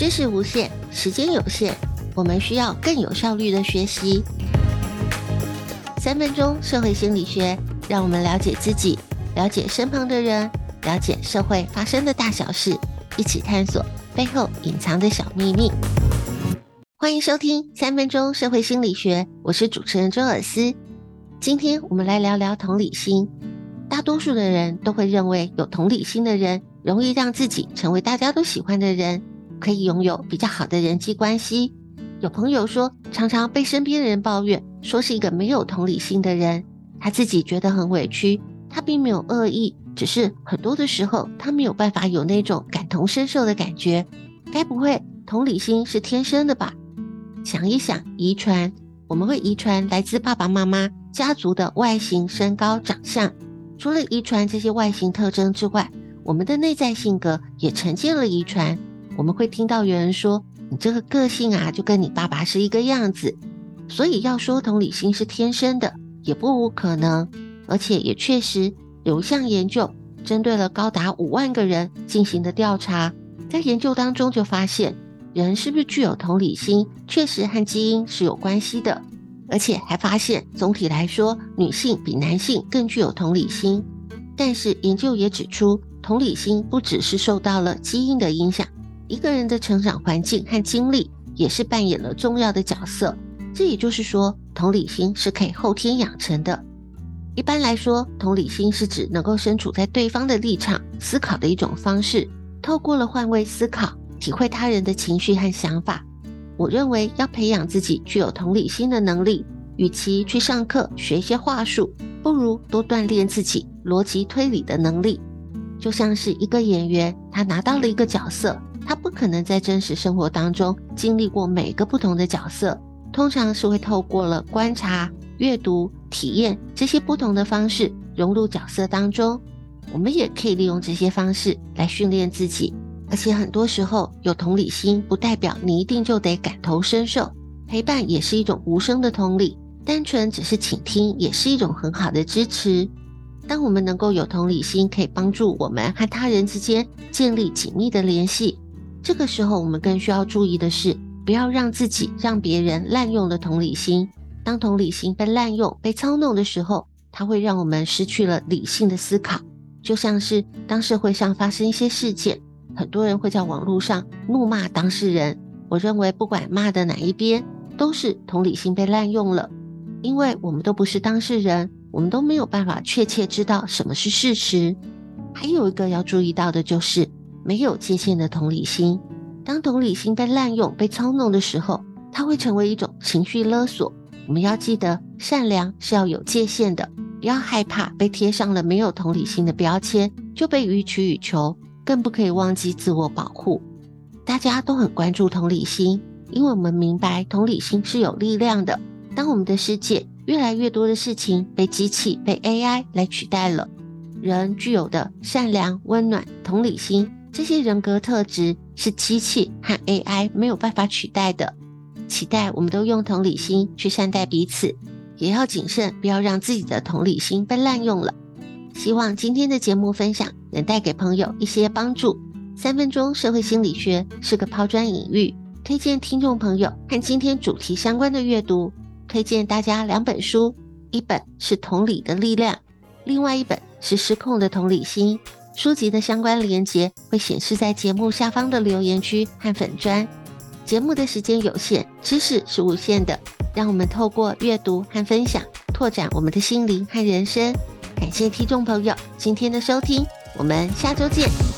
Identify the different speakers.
Speaker 1: 知識無限，時間有限，我們需要更有效率的學習。三分鐘社會心理學，讓我們了解自己，了解身旁的人，了解社會發生的大小事，一起探索背後隱藏的小秘密。歡迎收聽三分鐘社會心理學，我是主持人周爾思。今天我們來聊聊同理心。大多數的人都會認為，有同理心的人容易讓自己成為大家都喜歡的人。可以擁有比較好的人際關係。有朋友說，常常被身邊的人抱怨，說是一個沒有同理心的人。他自己覺得很委屈，他並沒有惡意，只是很多的時候他沒有辦法有那種感同身受的感覺。該不會同理心是天生的吧？想一想，遺傳，我們會遺傳來自爸爸媽媽家族的外形、身高、長相。除了遺傳這些外形特徵之外，我們的內在性格也承繼了遺傳。我們會聽到有人說：“你這個個性啊，就跟你爸爸是一個樣子。”所以要說同理心是天生的，也不無可能。而且也確實有一項研究，針對了高達五萬個人進行的調查，在研究當中就發現，人是不是具有同理心，確實和基因是有關係的。而且還發現，總體來說，女性比男性更具有同理心。但是研究也指出，同理心不只是受到了基因的影響。一個人的成長環境和經歷也是扮演了重要的角色。這也就是說，同理心是可以後天養成的。一般來說，同理心是指能夠身處在對方的立場思考的一種方式，透過了換位思考，體會他人的情緒和想法。我認為要培養自己具有同理心的能力，與其去上課學一些話術，不如多鍛鍊自己邏輯推理的能力。就像是一個演員，他拿到了一個角色。他不可能在真實生活當中經歷過每個不同的角色，通常是會透過了觀察、閱讀、體驗這些不同的方式融入角色當中。我們也可以利用這些方式來訓練自己，而且很多時候有同理心不代表你一定就得感同身受。陪伴也是一種無聲的同理，單純只是傾聽也是一種很好的支持。當我們能夠有同理心，可以幫助我們和他人之間建立緊密的聯繫。這個時候，我們更需要注意的是，不要讓自己、讓別人濫用了同理心。當同理心被濫用、被操弄的時候，它會讓我們失去了理性的思考。就像是當社會上發生一些事件，很多人會在網絡上怒罵當事人。我認為，不管罵的哪一邊，都是同理心被濫用了，因為我們都不是當事人，我們都沒有辦法確切知道什麼是事實。還有一個要注意到的就是。沒有界限的同理心，當同理心被濫用、被操弄的時候，它會成為一種情緒勒索。我們要記得，善良是要有界限的，不要害怕被貼上了沒有同理心的標籤就被予取予求，更不可以忘記自我保護。大家都很關注同理心，因為我們明白同理心是有力量的。當我們的世界越來越多的事情被機器、被 AI 來取代了，人具有的善良、溫暖、同理心。這些人格特質是機器和 AI 沒有辦法取代的。期待我們都用同理心去善待彼此，也要謹慎，不要讓自己的同理心被濫用了。希望今天的節目分享能帶給朋友一些幫助。三分鐘社會心理學是個拋磚引玉，推薦聽眾朋友和今天主題相關的閱讀，推薦大家兩本書，一本是《同理的力量》，另外一本是《失控的同理心》。書籍的相關鏈接會顯示在節目下方的留言區和粉專。節目的時間有限，知識是無限的，讓我們透過閱讀和分享，拓展我們的心靈和人生。感謝聽眾朋友今天的收聽，我們下周見。